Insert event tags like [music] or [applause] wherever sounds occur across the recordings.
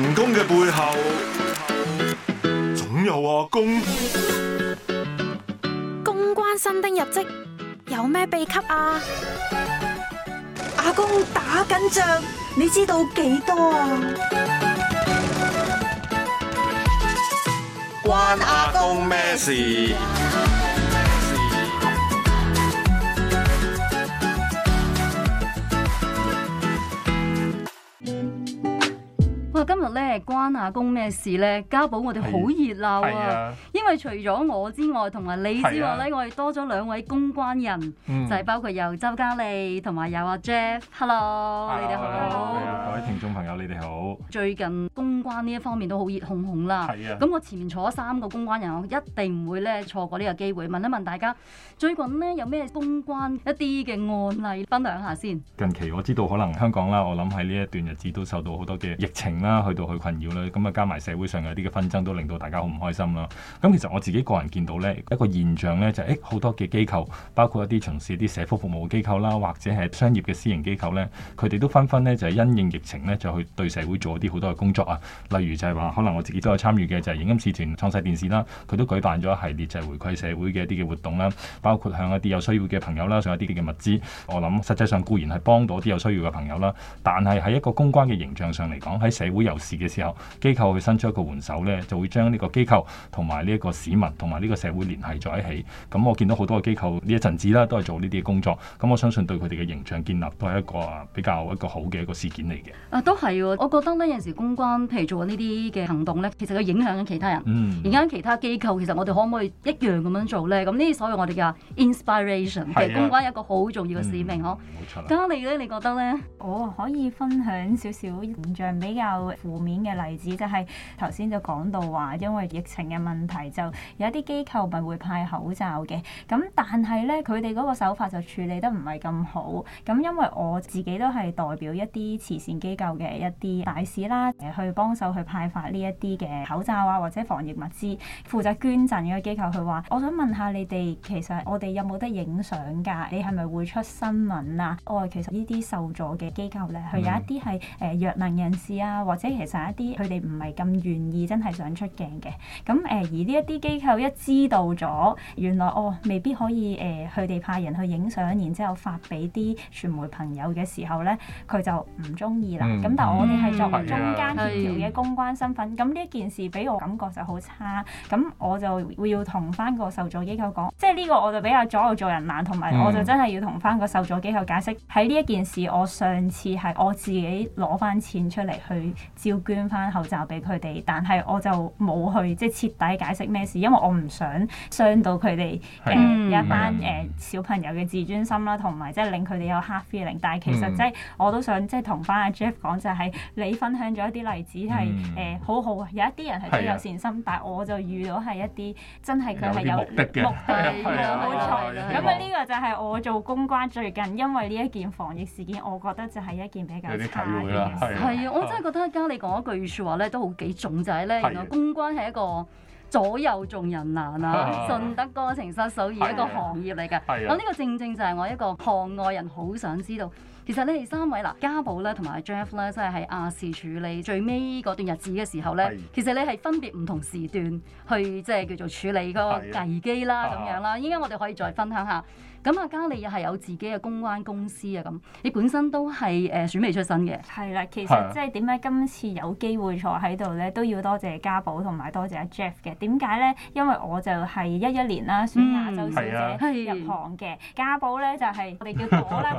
成功嘅背後，總有阿公。公關新丁入職，有咩秘笈啊？阿公打緊仗，你知道幾多啊？關阿公咩事？今日呢關下工咩事呢？家寶，我哋好熱鬧啊！因為除咗我之外，同埋你之外呢，我哋多咗兩位公關人，就係包括有周嘉莉同埋有阿 Jeff。Hello，你哋好！各位聽眾朋友，你哋好！最近公關呢一方面都好熱哄哄啦。係啊！咁我前面坐咗三個公關人，我一定唔會呢錯過呢個機會，問一問大家最近呢有咩公關一啲嘅案例，分享下先。近期我知道可能香港啦，我諗喺呢一段日子都受到好多嘅疫情啦。去到去困擾啦，咁、嗯、啊加埋社會上嘅一啲嘅紛爭都令到大家好唔開心啦。咁、嗯、其實我自己個人見到呢一個現象呢就係、是、好多嘅機構，包括一啲從事啲社福服務機構啦，或者係商業嘅私營機構呢，佢哋都紛紛呢就係、是、因應疫情呢，就去對社會做一啲好多嘅工作啊。例如就係話，可能我自己都有參與嘅就係、是、影音使團創世電視啦，佢都舉辦咗一系列就係回饋社會嘅一啲嘅活動啦，包括向一啲有需要嘅朋友啦送一啲嘅物資。我諗實際上固然係幫到啲有需要嘅朋友啦，但係喺一個公關嘅形象上嚟講，喺社會，有事嘅時候，機構去伸出一個援手咧，就會將呢個機構同埋呢一個市民同埋呢個社會聯繫在一起。咁、嗯、我見到好多嘅機構呢一陣子啦，都係做呢啲嘅工作。咁、嗯、我相信對佢哋嘅形象建立都係一個啊比較一個好嘅一個事件嚟嘅。啊，都係、啊。我覺得呢，有時公關譬如做緊呢啲嘅行動呢，其實佢影響緊其他人。嗯、而家其他機構其實我哋可唔可以一樣咁樣做呢？咁呢啲所謂我哋嘅 inspiration、啊、其實公關一個好重要嘅使命咯。冇、嗯嗯、錯。嘉莉咧，你覺得呢？我可以分享少少形象比較。負面嘅例子就係頭先就講到話，因為疫情嘅問題，就有一啲機構咪會派口罩嘅。咁但係呢，佢哋嗰個手法就處理得唔係咁好。咁因為我自己都係代表一啲慈善機構嘅一啲大使啦，去幫手去派發呢一啲嘅口罩啊，或者防疫物資。負責捐贈嘅機構佢話：我想問下你哋，其實我哋有冇得影相㗎？你係咪會出新聞啊？我話其實呢啲受助嘅機構呢，佢有一啲係誒弱能人士啊，或者其實一啲佢哋唔係咁願意，真係想出鏡嘅。咁誒、呃，而呢一啲機構一知道咗，原來哦，未必可以誒，佢、呃、哋派人去影相，然之後發俾啲傳媒朋友嘅時候咧，佢就唔中意啦。咁、嗯、但係我哋係作為中間協調嘅公關身份，咁呢一件事俾我感覺就好差。咁我就會要同翻個受助機構講，即係呢個我就比較左右做人難，同埋我就真係要同翻個受助機構解釋喺呢一件事，我上次係我自己攞翻錢出嚟去。招捐翻口罩俾佢哋，但係我就冇去即係徹底解釋咩事，因為我唔想傷到佢哋嘅一班誒小朋友嘅自尊心啦，同埋即係令佢哋有黑 feeling。但係其實即係我都想即係同翻阿 Jeff 講就係你分享咗一啲例子係誒好好啊，有一啲人係真有善心，但係我就遇到係一啲真係佢係有目的嘅，冇錯啦。咁啊呢個就係我做公關最近因為呢一件防疫事件，我覺得就係一件比較差嘅嘢。係啊，我真係覺得。聽你講一句説話咧，都好幾重，就係、是、咧，的原來公關係一個左右眾人難啊，順 [laughs] 德歌情失守亦一個行業嚟㗎。咁呢個正正就係我一個行外人，好想知道。其實你哋三位嗱，家寶咧同埋 Jeff 咧，即係喺亞視處理最尾嗰段日子嘅時候咧，的其實你係分別唔同時段去即係、就是、叫做處理個危機啦咁的樣啦。應該我哋可以再分享下。咁阿嘉你又係有自己嘅公關公司啊，咁你本身都係誒選美出身嘅。係啦，其實即係點解今次有機會坐喺度咧，都要多謝，謝家寶同埋多謝阿 Jeff 嘅。點解咧？因為我就係一一年啦，選亞洲小姐、嗯、入行嘅。家寶咧就係我哋叫果啦。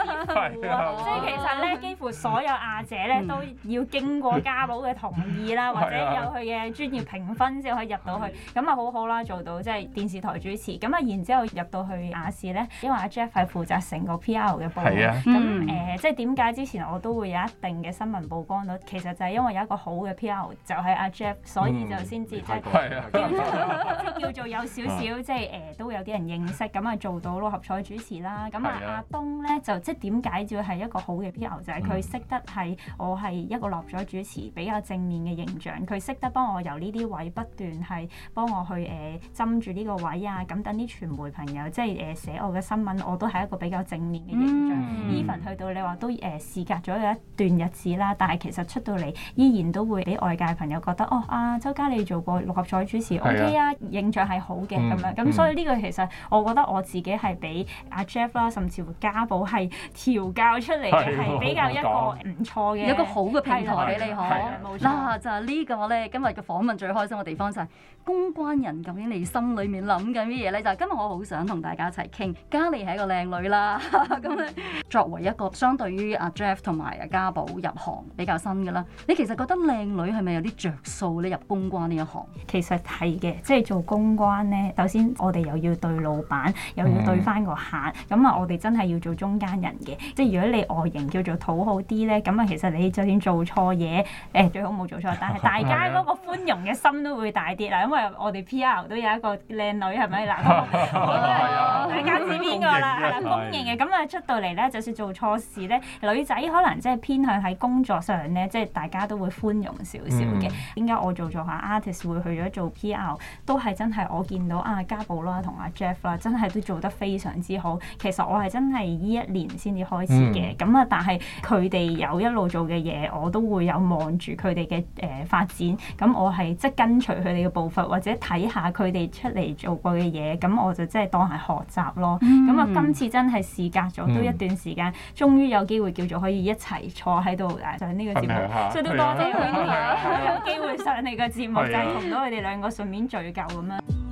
[laughs] [laughs] 係啊， [laughs] 其實咧，幾乎所有亞姐咧都要經過家寶嘅同意啦，或者有佢嘅專業評分先可以入到去，咁啊 [laughs] 的好好啦，做到即係電視台主持。咁啊，然之後入到去亞視咧，因為阿 Jeff 係負責成個 PR 嘅部分，咁誒的、呃，即係點解之前我都會有一定嘅新聞曝光率？其實就係因為有一個好嘅 PR，就係阿、啊、Jeff，所以就先至、嗯、即係叫做有少少 [laughs] 的即係誒、呃，都會有啲人認識，咁啊做到六合彩主持啦。咁啊，阿的、啊、東咧就即。點解仲係一個好嘅 P.O. 仔？佢識得係我係一個六合彩主持，比較正面嘅形象。佢識得幫我由呢啲位不斷係幫我去誒斟、呃、住呢個位啊，咁等啲傳媒朋友即係誒、呃、寫我嘅新聞，我都係一個比較正面嘅形象。Even、嗯、去到你話都誒、呃、事隔咗有一段日子啦、啊，但係其實出到嚟依然都會俾外界朋友覺得哦啊，周嘉莉做過六合彩主持啊 OK 啊，形象係好嘅咁、嗯、樣。咁所以呢個其實我覺得我自己係比阿、啊、Jeff 啦，甚至乎家寶係調教出嚟嘅係比較一個唔錯嘅，有一個好嘅平台俾你可，冇錯就係呢個咧。今日嘅訪問最開心嘅地方就係、是、公關人究竟你心裏面諗緊乜嘢咧？就係、是、今日我好想同大家一齊傾。嘉莉係一個靚女啦，咁 [laughs] 咧作為一個相對於阿 Jeff 同埋阿嘉寶入行比較新嘅啦，你其實覺得靚女係咪有啲着數咧入公關呢一行？其實係嘅，即、就、係、是、做公關咧，首先我哋又要對老闆，又要對翻個客，咁啊我哋真係要做中間。人嘅，即係如果你外形叫做討好啲咧，咁啊其實你就算做錯嘢，誒、欸、最好冇做錯，但係大家嗰個寬容嘅心都會大啲啦，因為我哋 P.R. 都有一個靚女係咪嗱，大家知邊個啦，係啦，公認嘅，咁啊的出到嚟咧，就算做錯事咧，女仔可能即係偏向喺工作上咧，即係大家都會寬容少少嘅。點解、嗯、我做做下 artist 會去咗做 P.R. 都係真係我見到啊嘉寶啦同阿、啊、Jeff 啦，真係都做得非常之好。其實我係真係依一年。先至開始嘅，咁啊，但係佢哋有一路做嘅嘢，我都會有望住佢哋嘅誒發展，咁我係即係跟隨佢哋嘅步伐，或者睇下佢哋出嚟做過嘅嘢，咁我就即係當係學習咯。咁啊、嗯，嗯嗯、今次真係事隔咗都一段時間，終於有機會叫做可以一齊坐喺度上呢個節目，真係多謝佢哋有機會上你個節目，就係同到佢哋兩個順便聚舊噉樣。是 [laughs] [laughs]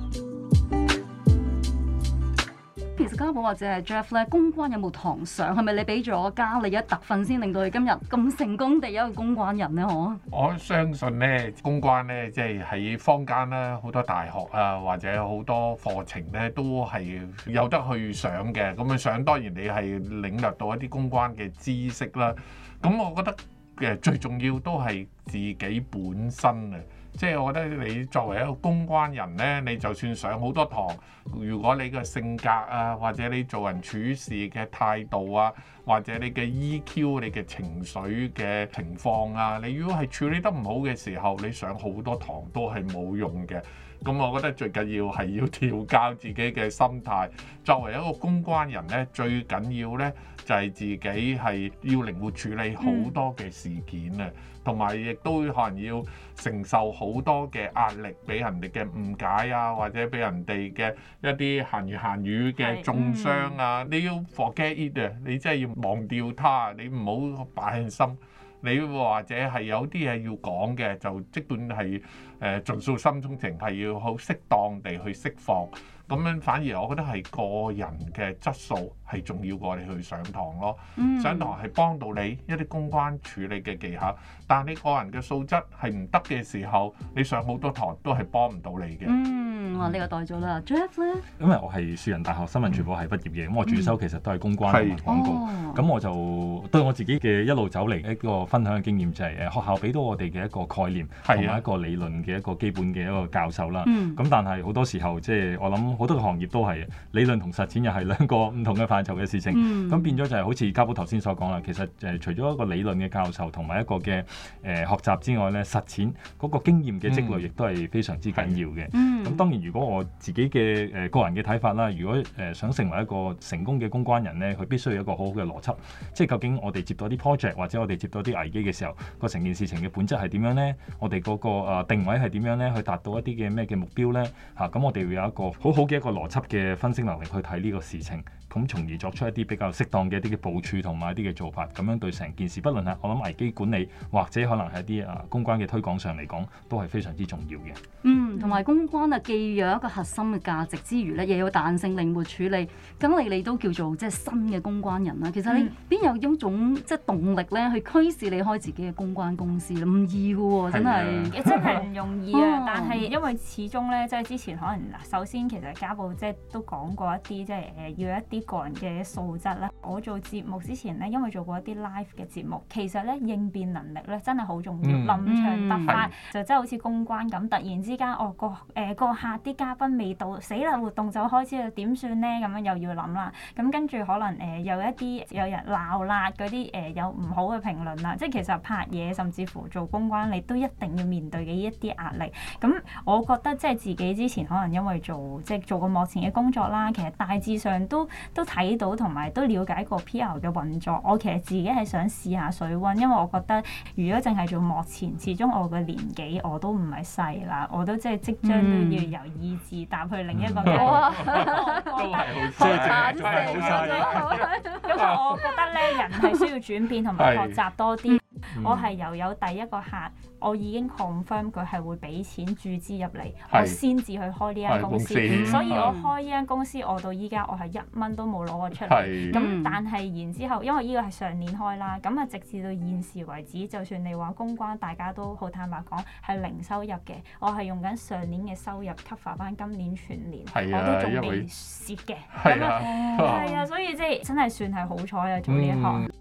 家寶或者係 Jeff 咧，公關有冇堂上？係咪你俾咗加你一特訓先，令到你今日咁成功地一個公關人咧？我我相信咧，公關咧，即係喺坊間啦，好多大學啊，或者好多課程咧，都係有得去上嘅。咁樣上當然你係領略到一啲公關嘅知識啦。咁我覺得嘅最重要都係自己本身啊。即係我覺得你作為一個公關人咧，你就算上好多堂，如果你嘅性格啊，或者你做人處事嘅態度啊，或者你嘅 EQ、你嘅情緒嘅情況啊，你如果係處理得唔好嘅時候，你上好多堂都係冇用嘅。咁我覺得最緊要係要調教自己嘅心態，作為一個公關人咧，最緊要咧就係、是、自己係要靈活處理好多嘅事件啊，同埋亦都可能要承受好多嘅壓力，俾人哋嘅誤解啊，或者俾人哋嘅一啲閒言閒語嘅中傷啊，嗯、你要 forget it 啊，你真係要～忘掉他，你唔好擺喺心，心。你或者係有啲嘢要講嘅，就即管係誒盡數心中情，係要好適當地去釋放。咁樣反而我覺得係個人嘅質素係重要過你去上堂咯。嗯、上堂係幫到你一啲公關處理嘅技巧。但你個人嘅素質係唔得嘅時候，你上好多堂都係幫唔到你嘅。嗯，我呢、呢個代咗啦。Jeff 咧，因為我係樹仁大學新聞傳播系畢業嘅，咁、嗯、我主修其實都係公關廣告。咁是我就對我自己嘅一路走嚟一個分享嘅經驗就係誒學校俾到我哋嘅一個概念同埋一個理論嘅一個基本嘅一個教授啦。咁、啊、但係好多時候即係、就是、我諗好多個行業都係理論同實踐又係兩個唔同嘅範疇嘅事情。咁、嗯、變咗就係好似嘉寶頭先所講啦，其實誒除咗一個理論嘅教授同埋一個嘅。誒、呃、學習之外咧，實踐嗰個經驗嘅積累，亦都係非常之緊要嘅。咁、嗯、當然，如果我自己嘅誒、呃、個人嘅睇法啦，如果誒、呃、想成為一個成功嘅公關人咧，佢必須要有一個好好嘅邏輯。即係究竟我哋接到啲 project 或者我哋接到啲危機嘅時候，個成件事情嘅本質係點樣咧？我哋嗰、那個、呃、定位係點樣咧？去達到一啲嘅咩嘅目標咧？嚇、啊、咁我哋會有一個好好嘅一個邏輯嘅分析能力去睇呢個事情。咁，從而作出一啲比較適當嘅一啲嘅部署同埋一啲嘅做法，咁樣對成件事，不論係我諗危機管理或者可能係一啲啊、呃、公關嘅推廣上嚟講，都係非常之重要嘅。嗯，同埋公關啊，既有一個核心嘅價值之餘呢，又有彈性靈活處理，咁你你都叫做即係新嘅公關人啦。其實你邊、嗯、有一種即係動力咧，去驅使你開自己嘅公關公司咧？唔易嘅喎，真係，真係唔容易啊！但係因為始終咧，即係之前可能嗱，首先其實家暴，即係都講過一啲，即係誒要一啲。個人嘅素質啦，我做節目之前咧，因為做過一啲 live 嘅節目，其實咧應變能力咧真係好重要，臨場突發就真係好似公關咁，突然之間哦個誒、呃、個客啲嘉賓未到，死啦，活動就開始啦，點算咧，咁樣又要諗啦，咁跟住可能誒、呃、有一啲有人鬧啦嗰啲誒有唔好嘅評論啦，即係其實拍嘢甚至乎做公關你都一定要面對嘅一啲壓力。咁我覺得即係自己之前可能因為做即係做過幕前嘅工作啦，其實大致上都。都睇到同埋都了解過 PR 嘅運作，我其實自己係想試下水溫，因為我覺得如果淨係做幕前，始終我嘅年紀我都唔係細啦，我都即係即，即將要由二字踏去另一個。哇、嗯！真係好正，真係好正，因為我覺得咧，人係需要轉變同埋學習多啲。是嗯我係由有第一個客，我已經 confirm 佢係會俾錢注資入嚟，是我先至去開呢間公司。公司所以我開呢間公司，我到依家我係一蚊都冇攞過出嚟。咁是但係然之後，因為呢個係上年開啦，咁啊直至到現時為止，就算你話公關，大家都好坦白講係零收入嘅。我係用緊上年嘅收入 cover 翻今年全年，啊、我都仲未蝕嘅。咁啊，係哇啊，所以即係真係算係好彩啊，做呢一行。嗯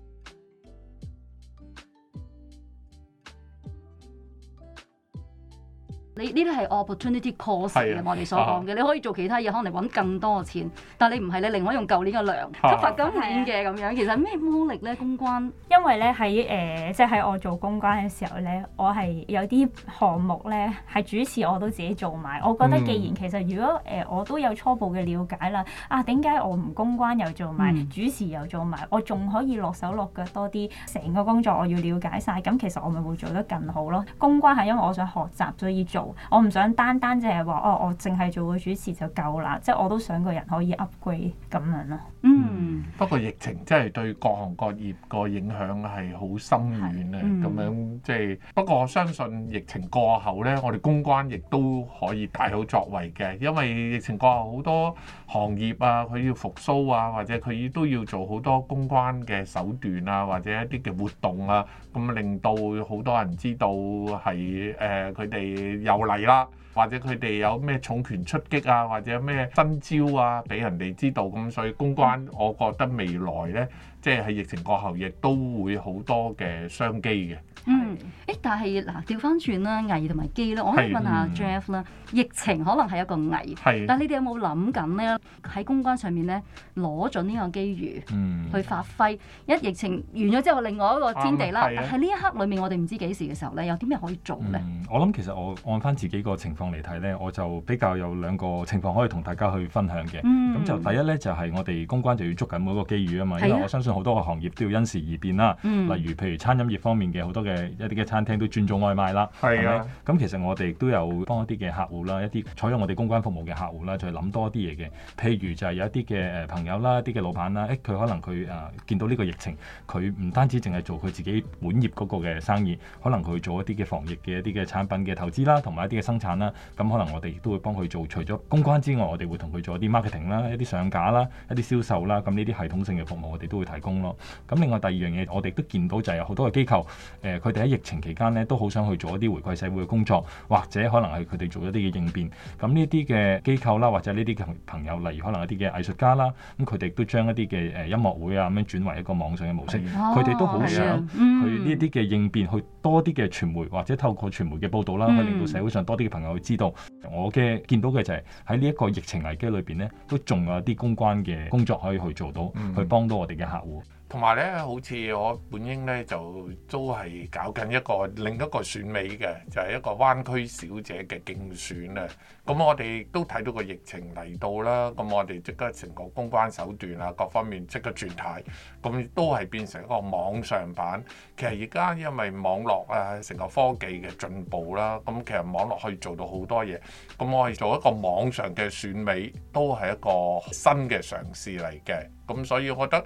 你呢啲係 opportunity cost 嘅，啊、我哋所講嘅，你可以做其他嘢，可能你揾更多嘅錢，但係你唔係，你寧可用舊年嘅糧，啊、執翻今年嘅咁樣。其實咩魔力咧？公關？因為咧喺誒，即係喺我做公關嘅時候咧，我係有啲項目咧係主持，我都自己做埋。我覺得既然其實如果誒、呃、我都有初步嘅了解啦，啊點解我唔公關又做埋、嗯、主持又做埋，我仲可以落手落腳多啲，成個工作我要了解晒。咁其實我咪會做得更好咯。公關係因為我想學習，所以做，我唔想單單淨係話哦，我淨係做個主持就夠啦。即、就、係、是、我都想個人可以 upgrade 咁樣咯。嗯，嗯不過疫情真係對各行各業個影響樣係好深遠啊！咁樣，即係不過我相信疫情過後咧，我哋公關亦都可以大有作為嘅，因為疫情過後好多行業啊，佢要復蘇啊，或者佢都要做好多公關嘅手段啊，或者一啲嘅活動啊，咁令到好多人知道係誒，呃，佢哋又嚟啦，或者佢哋有咩重拳出擊啊，或者咩新招啊，俾人哋知道咁，所以公關，我覺得未來咧。即係喺疫情過後，亦都會好多嘅商機嘅。嗯，誒、欸，但係嗱，調翻轉啦，危同埋機啦，我可以問下 Jeff 啦，嗯、疫情可能係一個危，是但係你哋有冇諗緊呢？喺公關上面呢，攞準呢個機遇，去發揮？嗯、一疫情完咗之後，另外一個天地啦。喺呢、嗯啊、一刻裏面，我哋唔知幾時嘅時候呢，有啲咩可以做呢？嗯、我諗其實我按翻自己個情況嚟睇呢，我就比較有兩個情況可以同大家去分享嘅。咁、嗯、就第一呢，就係、是、我哋公關就要捉緊每一個機遇啊嘛，因為我相信。好多個行業都要因時而變啦，嗯、例如譬如餐飲業方面嘅好多嘅一啲嘅餐廳都轉做外賣啦，係咁的其實我哋都有幫一啲嘅客戶啦，一啲採用我哋公關服務嘅客戶啦，就係、是、諗多啲嘢嘅，譬如就係有一啲嘅誒朋友啦，一啲嘅老闆啦，誒、欸、佢可能佢啊、呃、見到呢個疫情，佢唔單止淨係做佢自己本業嗰個嘅生意，可能佢做一啲嘅防疫嘅一啲嘅產品嘅投資啦，同埋一啲嘅生產啦，咁可能我哋亦都會幫佢做，除咗公關之外，我哋會同佢做一啲 marketing 啦，一啲上架啦，一啲銷售啦，咁呢啲系統性嘅服務我哋都會睇。工咯，咁另外第二樣嘢，我哋都見到就係有好多嘅機構，誒佢哋喺疫情期間咧都好想去做一啲回饋社會嘅工作，或者可能係佢哋做一啲嘅應變。咁呢啲嘅機構啦，或者呢啲嘅朋友，例如可能一啲嘅藝術家啦，咁佢哋都將一啲嘅誒音樂會啊咁樣轉為一個網上嘅模式，佢哋、啊、都好想去呢啲嘅應變，去多啲嘅傳媒或者透過傳媒嘅報導啦，可以令到社會上多啲嘅朋友去知道。嗯、我嘅見到嘅就係喺呢一個疫情危機裏邊咧，都仲有一啲公關嘅工作可以去做到，嗯、去幫到我哋嘅客戶。同埋咧，好似我本應咧就都係搞緊一個另一個選美嘅，就係、是、一個灣區小姐嘅競選啊。咁我哋都睇到個疫情嚟到啦，咁我哋即刻成個公關手段啊，各方面即刻轉態，咁都係變成一個網上版。其實而家因為網絡啊，成個科技嘅進步啦，咁其實網絡可以做到好多嘢，咁我哋做一個網上嘅選美，都係一個新嘅嘗試嚟嘅。咁所以，我覺得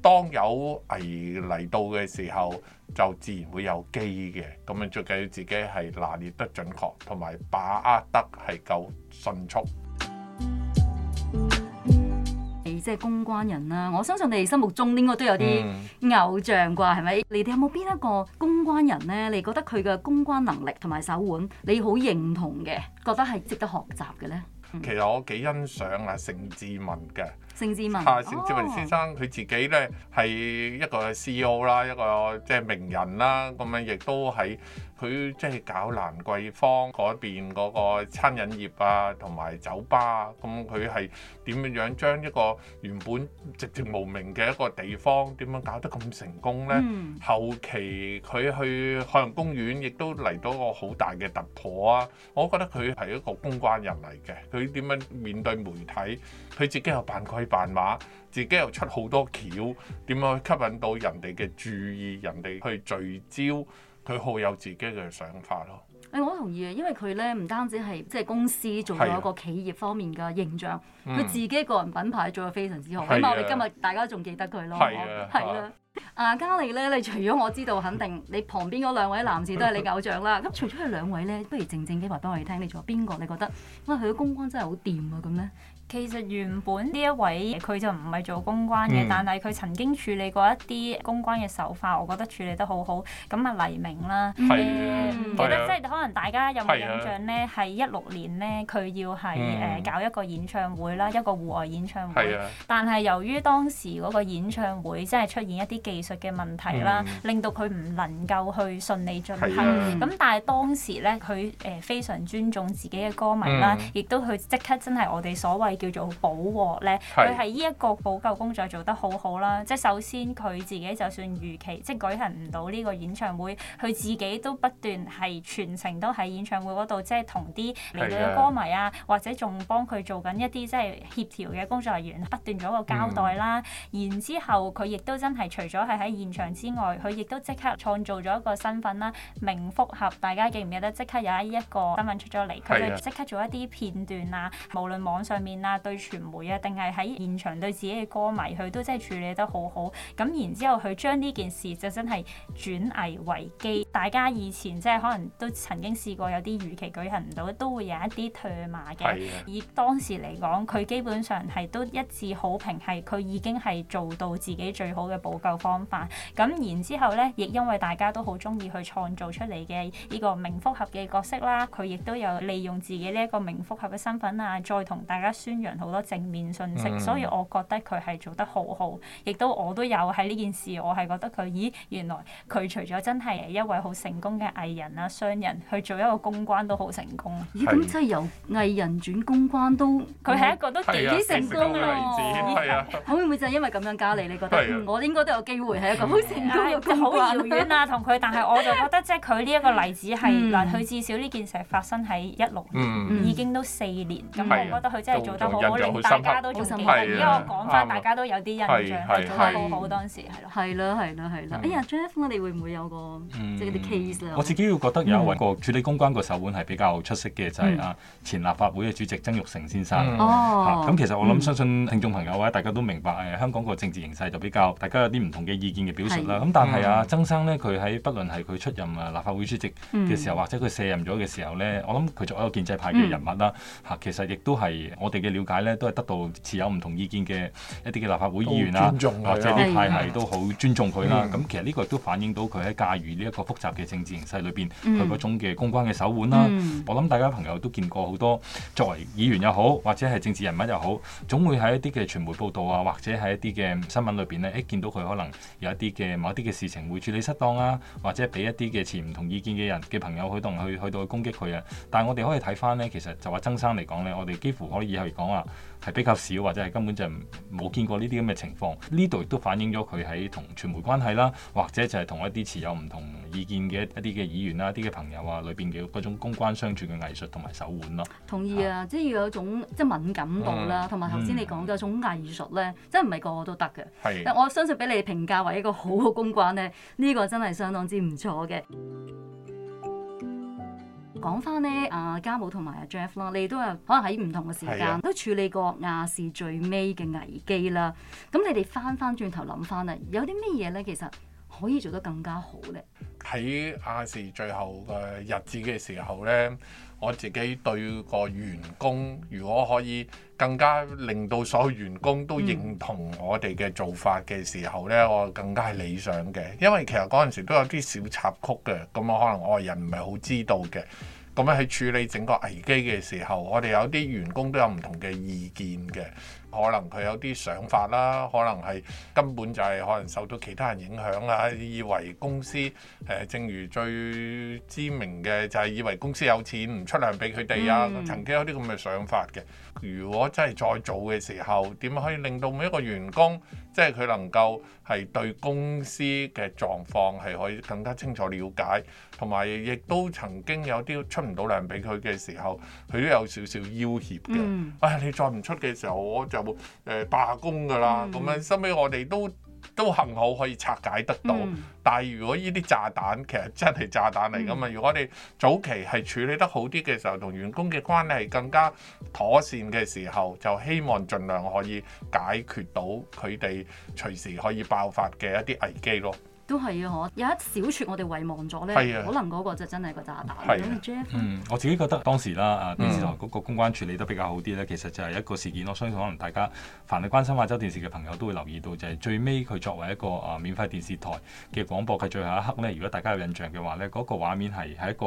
當有危嚟到嘅時候，就自然會有機嘅。咁樣，最緊要自己係拿捏得準確，同埋把握得係夠迅速。你即係公關人啦，我相信你哋心目中應該都有啲偶像啩，係咪？你哋有冇邊一個公關人呢？你覺得佢嘅公關能力同埋手腕，你好認同嘅，覺得係值得學習嘅呢？其實我幾欣賞啊，盛智文嘅。啊，成志文先生，佢、哦、自己咧係一個 CEO 啦，一個即係名人啦，咁樣亦都喺。佢即係搞蘭桂坊嗰邊嗰個餐飲業啊，同埋酒吧啊，咁佢係點樣樣將一個原本寂寂無名嘅一個地方，點樣搞得咁成功呢？嗯、後期佢去海洋公園，亦都嚟到一個好大嘅突破啊！我覺得佢係一個公關人嚟嘅，佢點樣面對媒體？佢自己又扮鬼扮馬，自己又出好多橋，點樣去吸引到人哋嘅注意，人哋去聚焦？佢好有自己嘅想法咯。誒、哎，我好同意啊，因為佢咧唔單止係即係公司做咗一個企業方面嘅形象，佢的自己個人品牌做得非常之好。起碼的，我哋今日大家仲記得佢咯，係啦的。的阿、啊、嘉莉咧，你除咗我知道，肯定你旁邊嗰兩位男士都係你偶像啦。咁、啊、除咗佢兩位咧，不如靜靜雞話俾我哋聽你，你做邊個你覺得？因為，佢嘅公關真係好掂啊！咁咧，其實原本呢一位佢就唔係做公關嘅，嗯、但係佢曾經處理過一啲公關嘅手法，我覺得處理得好好。咁啊，黎明啦，唔、啊、記得、啊、即係可能大家有冇印象咧？係一六年咧，佢要係誒、嗯嗯、搞一個演唱會啦，一個戶外演唱會。但係由於當時嗰個演唱會即係出現一啲。技術嘅問題啦，嗯、令到佢唔能夠去順利進行。咁、啊、但係當時咧，佢誒非常尊重自己嘅歌迷啦，嗯、亦都佢即刻真係我哋所謂叫做補鑊咧。佢係呢一個補救工作做得好好啦。即係首先佢自己就算預期即係舉行唔到呢個演唱會，佢自己都不斷係全程都喺演唱會嗰度，即係同啲嚟到嘅歌迷啊，啊或者仲幫佢做緊一啲即係協調嘅工作人員不斷做一個交代啦。嗯、然之後佢亦都真係除。除咗喺現場之外，佢亦都即刻創造咗一個身份啦，明複合大家記唔記得？即刻有一個新聞出咗嚟，佢就即刻做一啲片段啊，無論網上面啊，對傳媒啊，定係喺現場對自己嘅歌迷，佢都真係處理得好好。咁然之後，佢將呢件事就真係轉危為機。大家以前即係可能都曾經試過有啲如期舉行唔到，都會有一啲唾罵嘅。的以當時嚟講，佢基本上係都一致好評，係佢已經係做到自己最好嘅補救方法。咁然之後咧，亦因為大家都好中意去創造出嚟嘅呢個明複合嘅角色啦，佢亦都有利用自己呢一個明複合嘅身份啊，再同大家宣揚好多正面信息。嗯、所以我覺得佢係做得好好，亦都我都有喺呢件事，我係覺得佢，咦，原來佢除咗真係係一位。好成功嘅藝人啦、商人去做一個公關都好成功。咦？咁即係由藝人轉公關都佢係一個都幾成功嘅例子。係啊，會唔會就因為咁樣？嘉莉，你覺得我應該都有機會係一個好成功嘅公關啊？同佢，但係我就覺得即係佢呢一個例子係，嗱，佢至少呢件事係發生喺一六年，已經都四年。咁我覺得佢真係做得好好，令大家都做嘅。而家我講翻，大家都有啲印象，做得好好當時係咯。係囉，係囉，係囉。哎呀，張一峰，我哋會唔會有個？我自己會覺得有位個處理公關個手腕係比較出色嘅，就係啊，前立法會嘅主席曾玉成先生。咁其實我諗相信聽眾朋友啊，大家都明白誒香港個政治形勢就比較大家有啲唔同嘅意見嘅表述啦。咁但係啊曾生呢，佢喺不論係佢出任啊立法會主席嘅時候，或者佢卸任咗嘅時候呢，我諗佢作為一個建制派嘅人物啦。嚇，其實亦都係我哋嘅了解呢，都係得到持有唔同意見嘅一啲嘅立法會議員啊，或者啲派系都好尊重佢啦。咁其實呢個亦都反映到佢喺駕馭呢一個複集嘅政治形勢裏邊，佢嗰種嘅公關嘅手腕啦、啊，mm. 我諗大家朋友都見過好多。作為議員又好，或者係政治人物又好，總會喺一啲嘅傳媒報道啊，或者喺一啲嘅新聞裏邊咧，一見到佢可能有一啲嘅某一啲嘅事情會處理失當啊，或者俾一啲嘅持唔同意見嘅人嘅朋友去動去去到攻擊佢啊。但係我哋可以睇翻咧，其實就話曾生嚟講咧，我哋幾乎可以去講話。係比較少，或者係根本就冇見過呢啲咁嘅情況。呢度亦都反映咗佢喺同傳媒關係啦，或者就係同一啲持有唔同意見嘅一啲嘅議員啦、 [noise] 一啲嘅朋友啊，裏邊嘅嗰種公關相處嘅藝術同埋手腕咯。同意啊，啊即係要有種即係敏感度啦，同埋頭先你講嘅一種藝術咧，即係唔係個個都得嘅。係是，但我相信俾你評價為一個好嘅公關咧，呢、呢個真係相當之唔錯嘅。講翻咧，阿家母同埋阿 Jeff 啦，你哋都有可能喺唔同嘅時間都處理過亞視最尾嘅危機啦。咁的你哋翻翻轉頭諗翻啦，有啲咩嘢咧，其實可以做得更加好咧？喺亞視最後嘅日子嘅時候咧，我自己對個員工，如果可以。更加令到所有員工都認同我哋嘅做法嘅時候呢，嗯、我更加係理想嘅。因為其實嗰陣時都有啲小插曲嘅，咁我可能外人唔係好知道嘅。咁樣喺處理整個危機嘅時候，我哋有啲員工都有唔同嘅意見嘅。可能佢有啲想法啦，可能係根本就係可能受到其他人影響啊，以為公司正如最知名嘅就係以為公司有錢唔出糧俾佢哋啊，嗯、曾經有啲咁嘅想法嘅。如果真係再做嘅時候，點樣可以令到每一個員工，即係佢能夠係對公司嘅狀況係可以更加清楚了解，同埋亦都曾經有啲出唔到糧俾佢嘅時候，佢都有少少要挾嘅。啊、mm. 哎，你再唔出嘅時候，我就會誒罷工㗎啦。咁、mm. 樣，收尾我哋都。都幸好可以拆解得到，嗯、但係如果呢啲炸彈其實真係炸彈嚟㗎嘛。嗯、如果你早期係處理得好啲嘅時候，同員工嘅關係更加妥善嘅時候，就希望盡量可以解決到佢哋隨時可以爆發嘅一啲危機咯。都係啊！嗬，有一小撮我哋遺忘咗呢。的可能嗰個就真係個炸彈。Jeff 我自己覺得當時啦，啊電視台嗰個公關處理得比較好啲呢，其實就係一個事件咯。我相信可能大家凡係關心亞洲電視嘅朋友都會留意到，就係、是、最尾佢作為一個啊免費電視台嘅廣播，佢最後一刻呢，如果大家有印象嘅話呢，嗰、那個畫面係係一個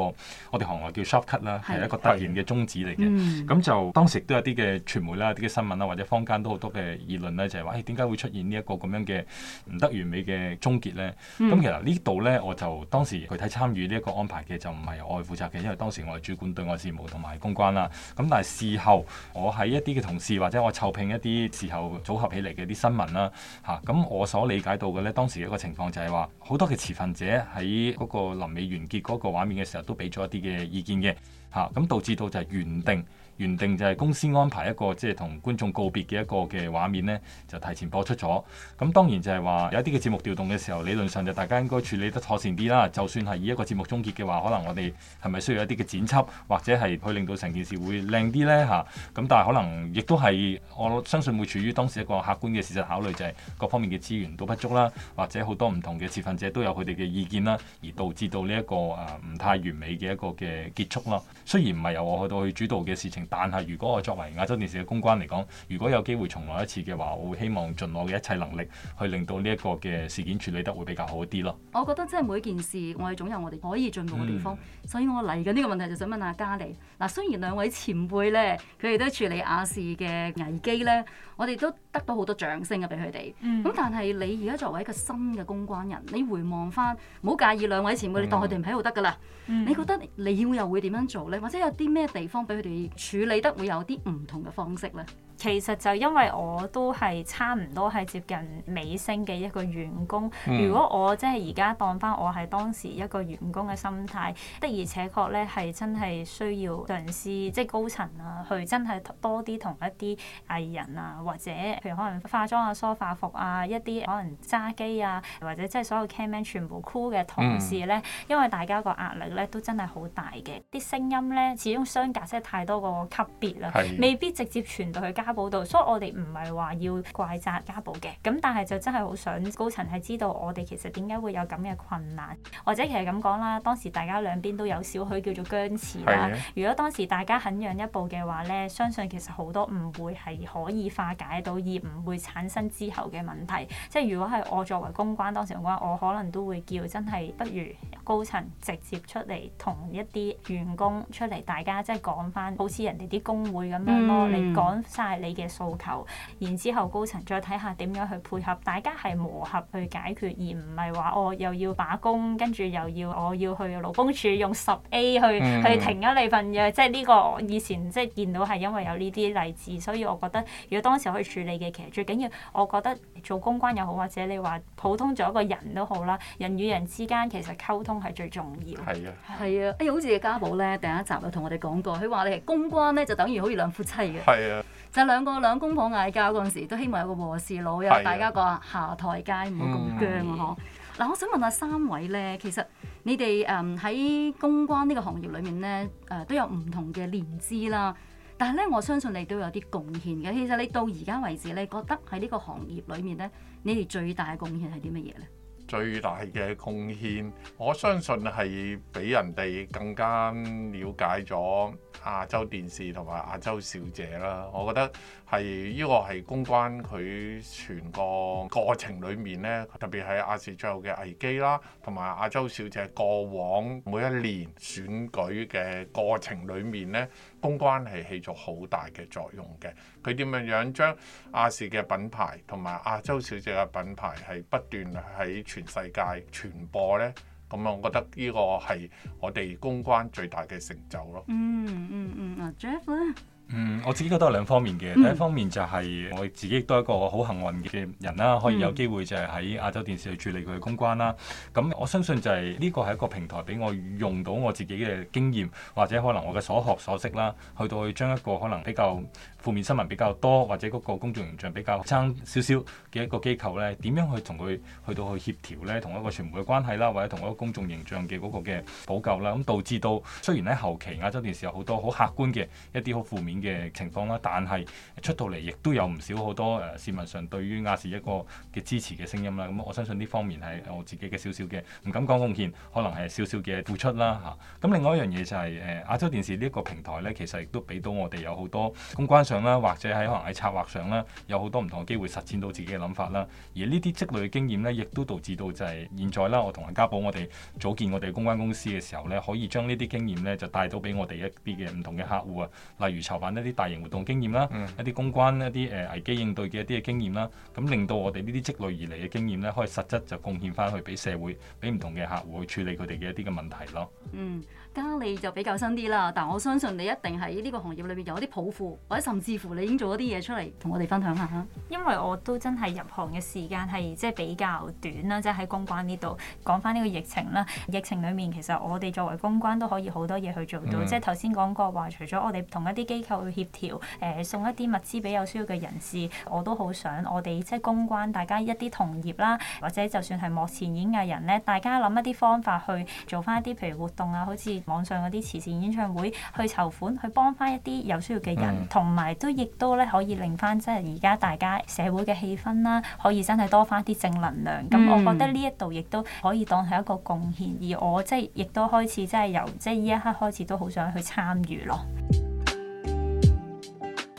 我哋行內叫 soft cut 啦，係一個突然嘅終止嚟嘅。咁就當時都有啲嘅傳媒啦、啲嘅新聞啦，或者坊間都好多嘅議論呢，就係話：點解會出現呢一個咁樣嘅唔得完美嘅終結呢？」咁、嗯、其實呢度呢，我就當時具體參與呢一個安排嘅就唔係由我負責嘅，因為當時我係主管對外事務同埋公關啦。咁但係事後，我喺一啲嘅同事或者我湊聘一啲事後組合起嚟嘅啲新聞啦，嚇、啊、咁我所理解到嘅呢，當時一個情況就係話，好多嘅持份者喺嗰個臨尾完結嗰個畫面嘅時候，都俾咗一啲嘅意見嘅，嚇、啊、咁導致到就係原定。原定就係公司安排一個即係同觀眾告別嘅一個嘅畫面呢，就提前播出咗。咁當然就係話有一啲嘅節目調動嘅時候，理論上就大家應該處理得妥善啲啦。就算係以一個節目終結嘅話，可能我哋係咪需要一啲嘅剪輯，或者係去令到成件事會靚啲呢？吓，啊，咁但係可能亦都係我相信會處於當時一個客觀嘅事實考慮，就係各方面嘅資源都不足啦，或者好多唔同嘅持份者都有佢哋嘅意見啦，而導致到呢一個啊唔太完美嘅一個嘅結束啦。雖然唔係由我去到去主導嘅事情。但係，如果我作為亞洲電視嘅公關嚟講，如果有機會重來一次嘅話，我會希望盡我嘅一切能力去令到呢一個嘅事件處理得會比較一好啲咯。我覺得即係每件事，我哋總有我哋可以進步嘅地方，嗯、所以我嚟緊呢個問題就想問下嘉尼。嗱，雖然兩位前輩呢，佢哋都處理亞視嘅危機呢。我哋都得到好多掌聲啊，俾佢哋。咁但係你而家作為一個新嘅公關人，你回望返，唔好介意兩位前輩，你當佢哋唔喺度得㗎喇。嗯、你覺得你又會點樣做呢？或者有啲咩地方俾佢哋處理得會有啲唔同嘅方式呢？其實就因為我都係差唔多係接近尾聲嘅一個員工，嗯、如果我即係而家當翻我係當時一個員工嘅心態，的而且確咧係真係需要嘗試即係高層啊，去真係多啲同一啲藝人啊，或者譬如可能化妝啊、梳化服啊、一啲可能揸機啊，或者即係所有 caman 全部 cool 嘅同事咧，嗯、因為大家個壓力咧都真係好大嘅，啲聲音咧始終相隔真係太多個級別啦，是未必直接傳到去。家保度，所以我哋唔係話要怪責家暴嘅，咁但係就真係好想高層係知道我哋其實點解會有咁嘅困難，或者其實咁講啦，當時大家兩邊都有少許叫做僵持啦。的如果當時大家肯讓一步嘅話咧，相信其實好多誤會係可以化解到，而唔會產生之後嘅問題。即係如果係我作為公關，當時嘅話，我可能都會叫真係不如高層直接出嚟同一啲員工出嚟，大家即係講翻，好似人哋啲工會咁樣咯，嗯、你講晒。你嘅訴求，然之後高層再睇下點樣去配合，大家係磨合去解決，而唔係話我又要罷工，跟住又要我要去勞工處用十 A 去、嗯、去停咗你份嘢。即係呢個我以前即係見到係因為有呢啲例子，所以我覺得如果當時可以處理嘅，其實最緊要，我覺得做公關又好，或者你話普通做一個人都好啦，人與人之間其實溝通係最重要。係啊，係啊，哎，好似家寶咧，第一集就同我哋講過，佢話你係公關咧就等於好似兩夫妻嘅，係啊。就兩個兩公婆嗌交嗰陣時，都希望有個和事佬，有的大家個下台階，唔好咁僵啊！嗬。嗱，我想問下三位咧，其實你哋誒喺公關呢個行業裏面咧，誒、呃、都有唔同嘅年資啦。但係咧，我相信你都有啲貢獻嘅。其實你到而家為止，你覺得喺呢個行業裏面咧，你哋最大嘅貢獻係啲乜嘢咧？最大嘅貢獻，我相信係俾人哋更加了解咗亞洲電視同埋亞洲小姐啦。我覺得係呢個係公關佢全個過程裡面呢，特別係亞視最後嘅危機啦，同埋亞洲小姐過往每一年選舉嘅過程裡面呢。公關係起咗好大嘅作用嘅，佢點樣樣將亞視嘅品牌同埋亞洲小姐嘅品牌係不斷喺全世界傳播咧？咁啊，我覺得呢個係我哋公關最大嘅成就咯。嗯嗯嗯，阿、嗯嗯啊、Jeff 咧。嗯，我自己覺得有兩方面嘅。嗯、第一方面就係我自己亦都係一個好幸運嘅人啦、啊，嗯、可以有機會就係喺亞洲電視去處理佢嘅公關啦、啊。咁我相信就係呢個係一個平台，俾我用到我自己嘅經驗，或者可能我嘅所學所識啦，去到去將一個可能比較負面新聞比較多，或者嗰個公眾形象比較差少少嘅一個機構呢，點樣去同佢去到去協調呢？同一個傳媒嘅關係啦，或者同一個公眾形象嘅嗰個嘅補救啦。咁導致到雖然呢，後期亞洲電視有好多好客觀嘅一啲好負面。嘅情況啦，但係出到嚟亦都有唔少好多誒、呃、市民上對於亞視一個嘅支持嘅聲音啦。咁、嗯、我相信呢方面係我自己嘅少少嘅，唔敢講貢獻，可能係少少嘅付出啦嚇。咁、啊嗯、另外一樣嘢就係誒亞洲電視呢一個平台咧，其實亦都俾到我哋有好多公關上啦，或者喺可能喺策劃上啦，有好多唔同嘅機會實踐到自己嘅諗法啦。而積呢啲積累嘅經驗咧，亦都導致到就係、是、現在啦，我同阿家寶我哋組建我哋公關公司嘅時候咧，可以將呢啲經驗咧就帶到俾我哋一啲嘅唔同嘅客戶啊，例如玩一啲大型活動經驗啦、嗯，一啲公關一啲誒危機應對嘅一啲嘅經驗啦，咁令到我哋呢啲積累而嚟嘅經驗咧，可以實質就貢獻翻去俾社會，俾唔同嘅客戶去處理佢哋嘅一啲嘅問題咯。嗯，嘉利就比較新啲啦，但我相信你一定喺呢個行業裏面有啲抱負，或者甚至乎你已經做咗啲嘢出嚟，同我哋分享下。因為我都真係入行嘅時間係即係比較短啦，即係喺公關呢度講翻呢個疫情啦。疫情裏面其實我哋作為公關都可以好多嘢去做到，嗯、即係頭先講過話，除咗我哋同一啲機構去協調，誒、呃、送一啲物資俾有需要嘅人士，我都好想我哋即係公關，大家一啲同業啦，或者就算係幕前演藝人咧，大家諗一啲方法去做翻一啲，譬如活動啊，好似網上嗰啲慈善演唱會，去籌款，去幫翻一啲有需要嘅人，同埋、mm. 都亦都咧可以令翻即係而家大家社會嘅氣氛啦，可以真係多翻啲正能量。咁、mm. 我覺得呢一度亦都可以當係一個貢獻，而我即係亦都開始即係由即係呢一刻開始都好想去參與咯。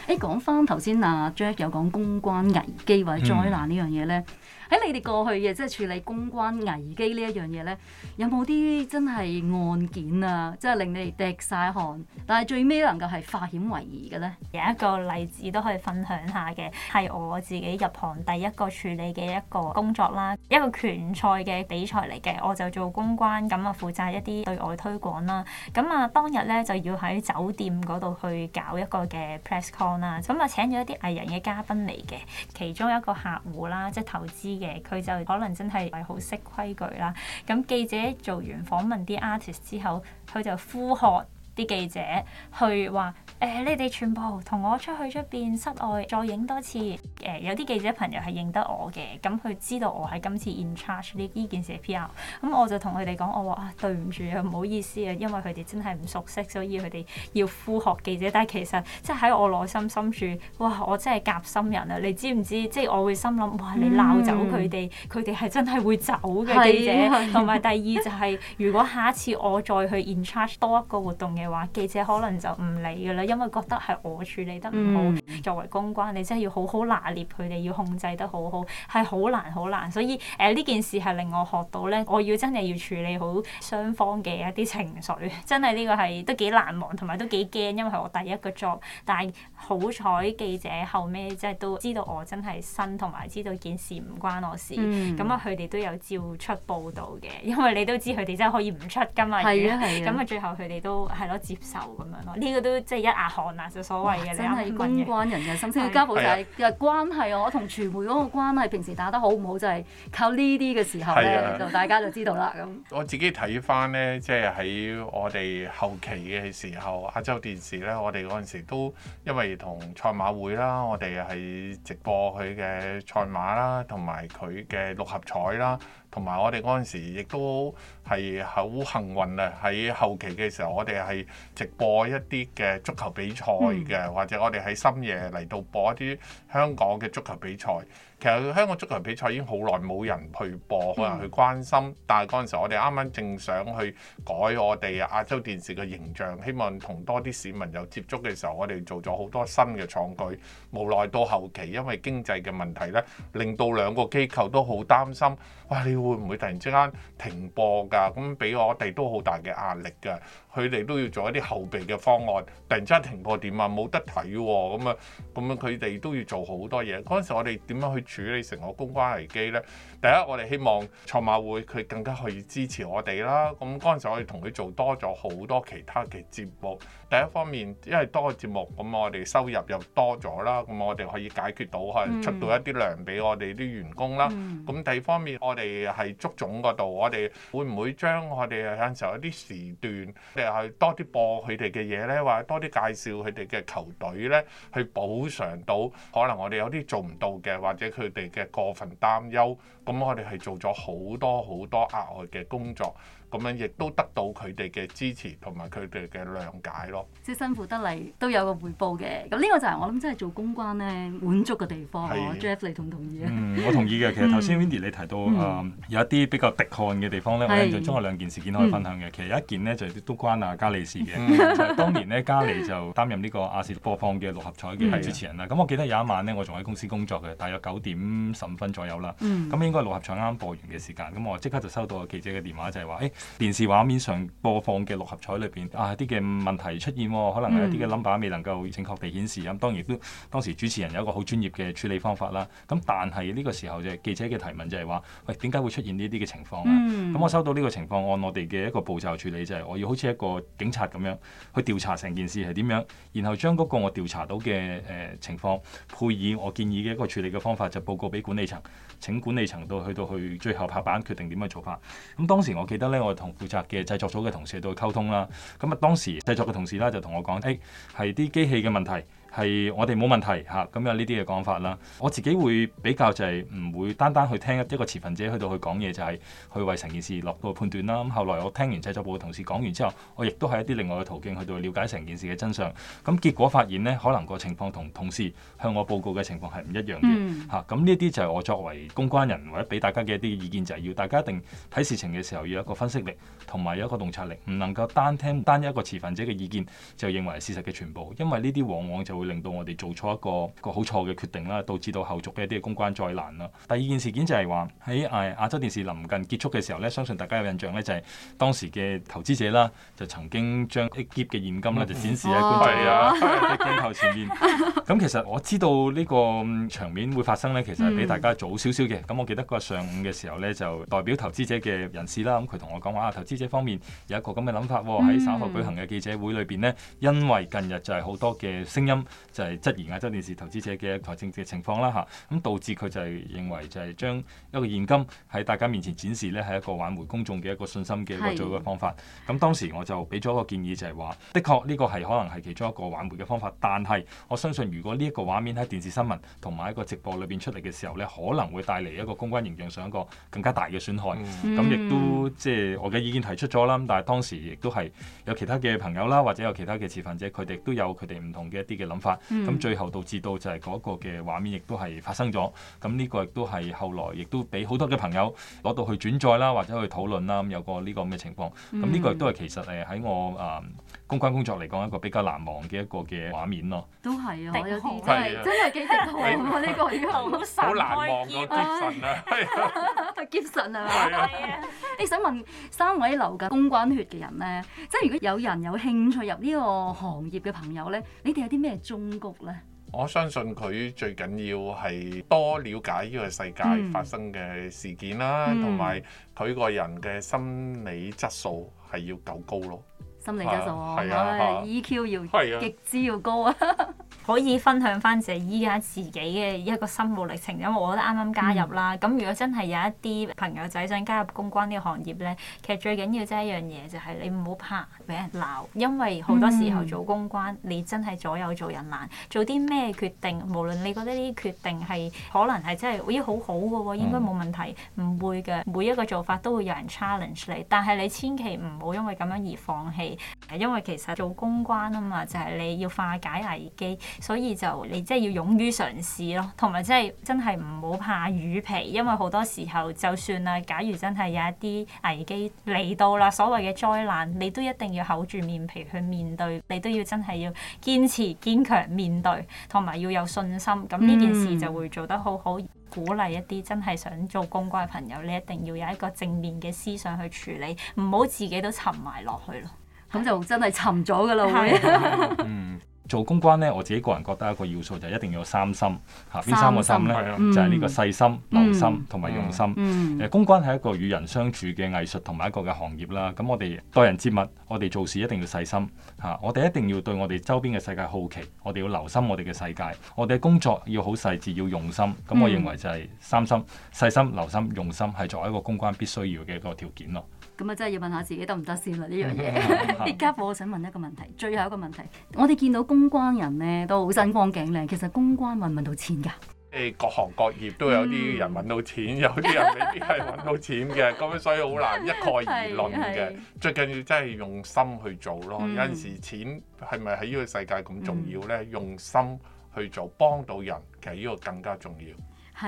誒、講翻頭先啊 Jack 有講公關危機或者災難、嗯、樣呢樣嘢咧。喺你哋過去嘅即係處理公關危機呢一樣嘢咧，有冇啲真係案件啊，即係令你哋滴晒汗，但係最尾能夠係化險為夷嘅咧，有一個例子都可以分享下嘅？係我自己入行第一個處理嘅一個工作啦，一個拳賽嘅比賽嚟嘅，我就做公關咁啊負責一啲對外推廣啦，咁啊當日咧就要喺酒店嗰度去搞一個嘅 press con 啦，咁啊請咗啲藝人嘅嘉賓嚟嘅，其中一個客戶啦即係投資。嘢佢就可能真係係好識規矩啦。咁記者做完訪問啲 artist 之後，佢就呼喝啲記者去話。誒、欸，你哋全部同我出去出邊室外再影多次。誒、欸，有啲記者朋友係認得我嘅，咁佢知道我係今次 in charge 呢依件事嘅 PR。咁我就同佢哋講，我話啊，對唔住啊，唔好意思啊，因為佢哋真係唔熟悉，所以佢哋要呼學記者。但係其實即係喺我內心深處，哇！我真係夾心人啊！你知唔知？即係我會心諗，哇！你鬧走佢哋，佢哋係真係會走嘅的記者。同埋的第二就係、是， [laughs] 如果下一次我再去 in charge 多一個活動嘅話，記者可能就唔理嘅啦。因為覺得係我處理得唔好，嗯、作為公關，你真係要好好拿捏佢哋，要控制得好好，係好難好難。所以誒，呢、呃、件事係令我學到咧，我要真係要處理好雙方嘅一啲情緒，真係呢個係都幾難忘，同埋都幾驚，因為係我第一個 job。但係好彩記者後尾即係都知道我真係新，同埋知道件事唔關我事，咁啊佢哋都有照出報導嘅。因為你都知佢哋真係可以唔出噶嘛，咁啊的的最後佢哋都係咯接受咁樣咯。呢、呢個都即係一。阿韓啊，就所謂嘅，真係公關人嘅心聲。家寶仔嘅關係啊，我同傳媒嗰個關係，啊、關係平時打得好唔好，就係、是、靠呢啲嘅時候咧，啊、就大家就知道啦。咁 [laughs] 我自己睇翻咧，即係喺我哋後期嘅時候，亞洲電視咧，我哋嗰陣時都因為同賽馬會啦，我哋係直播佢嘅賽馬啦，同埋佢嘅六合彩啦。同埋我哋嗰陣時亦都係好幸運啊！喺後期嘅時候，我哋係直播一啲嘅足球比賽嘅，或者我哋喺深夜嚟到播一啲香港嘅足球比賽。其實香港足球比賽已經好耐冇人去播，冇人去關心。但係嗰陣時，我哋啱啱正想去改我哋亞洲電視嘅形象，希望同多啲市民有接觸嘅時候，我哋做咗好多新嘅創舉。無奈到後期，因為經濟嘅問題咧，令到兩個機構都好擔心。哇！你會唔會突然之間停播㗎？咁俾我哋都好大嘅壓力㗎。佢哋都要做一啲後備嘅方案，突然間停播點啊，冇得睇喎，咁啊，咁樣，佢哋、哦、都要做好多嘢。嗰陣時我哋點樣去處理成個公關危機咧？第一，我哋希望賽馬會佢更加可以支持我哋啦。咁嗰陣時我哋同佢做多咗好多其他嘅節目。第一方面，因為多個節目，咁我哋收入又多咗啦，咁我哋可以解決到可能出到一啲糧俾我哋啲員工啦。咁、嗯、第二方面，我哋係足總嗰度，我哋會唔會將我哋有陣時候一啲時段？又係多啲播佢哋嘅嘢咧，或者多啲介紹佢哋嘅球隊咧，去補償到可能我哋有啲做唔到嘅，或者佢哋嘅過分擔憂。咁我哋係做咗好多好多額外嘅工作。咁樣亦都得到佢哋嘅支持同埋佢哋嘅諒解咯，即係辛苦得嚟都有個回報嘅。咁呢個就係我諗真係做公關咧滿足嘅地方。Jeff，你同唔同意啊？嗯，我同意嘅。其實頭先 Windy 你提到啊，有一啲比較滴汗嘅地方咧，我印象中有兩件事件可以分享嘅。其實有一件咧就都關啊，加利事嘅。當年咧，加利就擔任呢個亞視播放嘅六合彩嘅主持人啦。咁我記得有一晚咧，我仲喺公司工作嘅，大約九點十五分左右啦。咁應該六合彩啱啱播完嘅時間，咁我即刻就收到個記者嘅電話，就係話誒。電視畫面上播放嘅六合彩裏邊啊，啲嘅問題出現，可能有啲嘅 number 未能夠正確地顯示。咁、嗯、當然都當時主持人有一個好專業嘅處理方法啦。咁但係呢個時候就記者嘅提問就係話：喂，點解會出現呢啲嘅情況啊？咁、嗯、我收到呢個情況，按我哋嘅一個步驟處理就係、是、我要好似一個警察咁樣去調查成件事係點樣，然後將嗰個我調查到嘅誒情況，配以我建議嘅一個處理嘅方法，就報告俾管理層。請管理層到去到去最後拍板決定點樣做法。咁當時我記得咧，我同負責嘅製作組嘅同事到溝通啦。咁啊，當時製作嘅同事咧就同我講，誒係啲機器嘅問題。係我哋冇問題嚇，咁、啊嗯、有呢啲嘅講法啦。我自己會比較就係唔會單單去聽一個持份者去到去講嘢，就係、是、去為成件事落到判斷啦。咁、嗯、後來我聽完製作部嘅同事講完之後，我亦都係一啲另外嘅途徑去到去了解成件事嘅真相。咁、啊、結果發現呢，可能個情況同同事向我報告嘅情況係唔一樣嘅嚇。咁呢啲就係我作為公關人或者俾大家嘅一啲意見，就係、是、要大家一定睇事情嘅時候要有一個分析力同埋有一個洞察力，唔能夠單聽單一個持份者嘅意見就認為係事實嘅全部，因為呢啲往往就會，令到我哋做錯一個一個好錯嘅決定啦，導致到後續嘅一啲公關災難啦。第二件事件就係話喺亞洲電視臨近結束嘅時候咧，相信大家有印象咧，就係當時嘅投資者啦，就曾經將一疊嘅現金咧就展示喺觀眾嘅鏡頭前面。咁 Okay .、oh. [laughs] 其實我知道呢個場面會發生咧，其實係俾大家早少少嘅。咁、mm. 我記得嗰日上午嘅時候咧，就代表投資者嘅人士啦，咁佢同我講話、啊，投資者方面有一個咁嘅諗法喎，喺稍後舉行嘅記者會裏邊呢，mm. 因為近日就係好多嘅聲音。就係質疑亞洲電視投資者嘅一個政治嘅情況啦嚇，咁導致佢就係認為就係將一個現金喺大家面前展示咧，係一個挽回公眾嘅一個信心嘅一個最好嘅方法。咁是當時我就俾咗一個建議就係話，的確呢個係可能係其中一個挽回嘅方法，但係我相信如果呢一個畫面喺電視新聞同埋一個直播裏邊出嚟嘅時候咧，可能會帶嚟一個公關形象上一個更加大嘅損害。咁亦、嗯、都即係、就是、我嘅意見提出咗啦，但係當時亦都係有其他嘅朋友啦，或者有其他嘅持份者，佢哋都有佢哋唔同嘅一啲嘅諗法。咁、嗯、最後導致到就係嗰個嘅畫面亦都係發生咗，咁呢個亦都係後來亦都俾好多嘅朋友攞到去轉載啦，或者去討論啦，咁有個這個呢個咁嘅情況，咁呢個亦都係其實誒喺我啊。呃公關工作嚟講，一個比較難忘嘅一個嘅畫面咯。都係啊，好真係真係幾得意啊！呢個如果好神，好難忘個結神啊！係結神啊！係啊！你想問三位留緊公關血嘅人咧，即係如果有人有興趣入呢個行業嘅朋友咧，你哋有啲咩忠告咧？我相信佢最緊要係多了解呢個世界發生嘅事件啦，同埋佢個人嘅心理質素係要夠高咯。心理質素，唉，EQ 要極之要高啊，啊！ [laughs] 可以分享翻自己依家自己嘅一個心路歷程，因為我覺得啱啱加入啦。咁、嗯、如果真係有一啲朋友仔想加入公關呢個行業咧，其實最緊要真係一樣嘢，就係你唔好怕俾人鬧，因為好多時候做公關，嗯、你真係左右做人難。做啲咩決定，無論你覺得呢啲決定係可能係真係咦、哎、好好嘅喎，應該冇問題，唔會嘅。每一個做法都會有人 challenge 你，但係你千祈唔好因為咁樣而放棄。因為其實做公關啊嘛，就係、是、你要化解危機，所以就你即係要勇於嘗試咯，同埋即係真係唔好怕魚皮。因為好多時候就算啊，假如真係有一啲危機嚟到啦，所謂嘅災難，你都一定要厚住面皮去面對，你都要真係要堅持、堅強面對，同埋要有信心。咁呢件事就會做得好好。鼓勵一啲真係想做公關嘅朋友，你一定要有一個正面嘅思想去處理，唔好自己都沉埋落去咯。咁就真係沉咗嘅啦，會。做公關呢，我自己個人覺得一個要素就係一定要三心嚇，邊、啊、三個心呢？三心嗯、就係呢個細心、留心、嗯、同埋用心。嗯嗯、公關係一個與人相處嘅藝術同埋一個嘅行業啦。咁、啊、我哋待人接物，我哋做事一定要細心嚇、啊。我哋一定要對我哋周邊嘅世界好奇，我哋要留心我哋嘅世界，我哋嘅工作要好細緻，要用心。咁、啊嗯啊、我認為就係三心、細心、留心、用心，係作為一個公關必須要嘅一個條件咯。咁啊，嗯、真係要問下自己得唔得先啦？呢樣嘢，家 [laughs] 下我想問一個問題，最後一個問題，我哋見到公。公關人咧都好身光頸靚，其實公關搵唔搵到錢噶誒，各行各業都有啲人搵到錢，嗯、有啲人未必係搵到錢嘅，咁樣 [laughs] 所以好難一概而論嘅。最緊要真係用心去做咯。嗯、有陣時錢係咪喺呢個世界咁重要咧？嗯、用心去做，幫到人，其實呢個更加重要。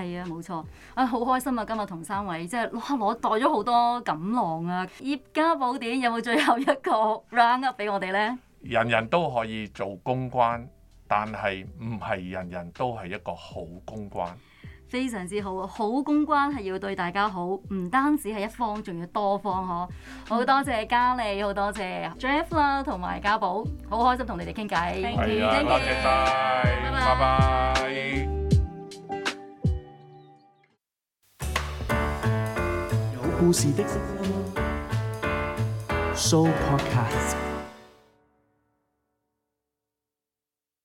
係啊，冇錯。啊、哎，好開心啊，今日同三位即係攞攞帶咗好多錦囊啊！《葉家寶典》有冇最後一個 round up 俾我哋咧？人人都可以做公關，但係唔係人人都係一個好公關。非常之好，好公關係要對大家好，唔單止係一方，仲要多方呵。好、嗯、多謝嘉莉，好多謝 Jeff 啦，同埋嘉寶，好開心同你哋傾偈。Thank you，拜拜。So Podcast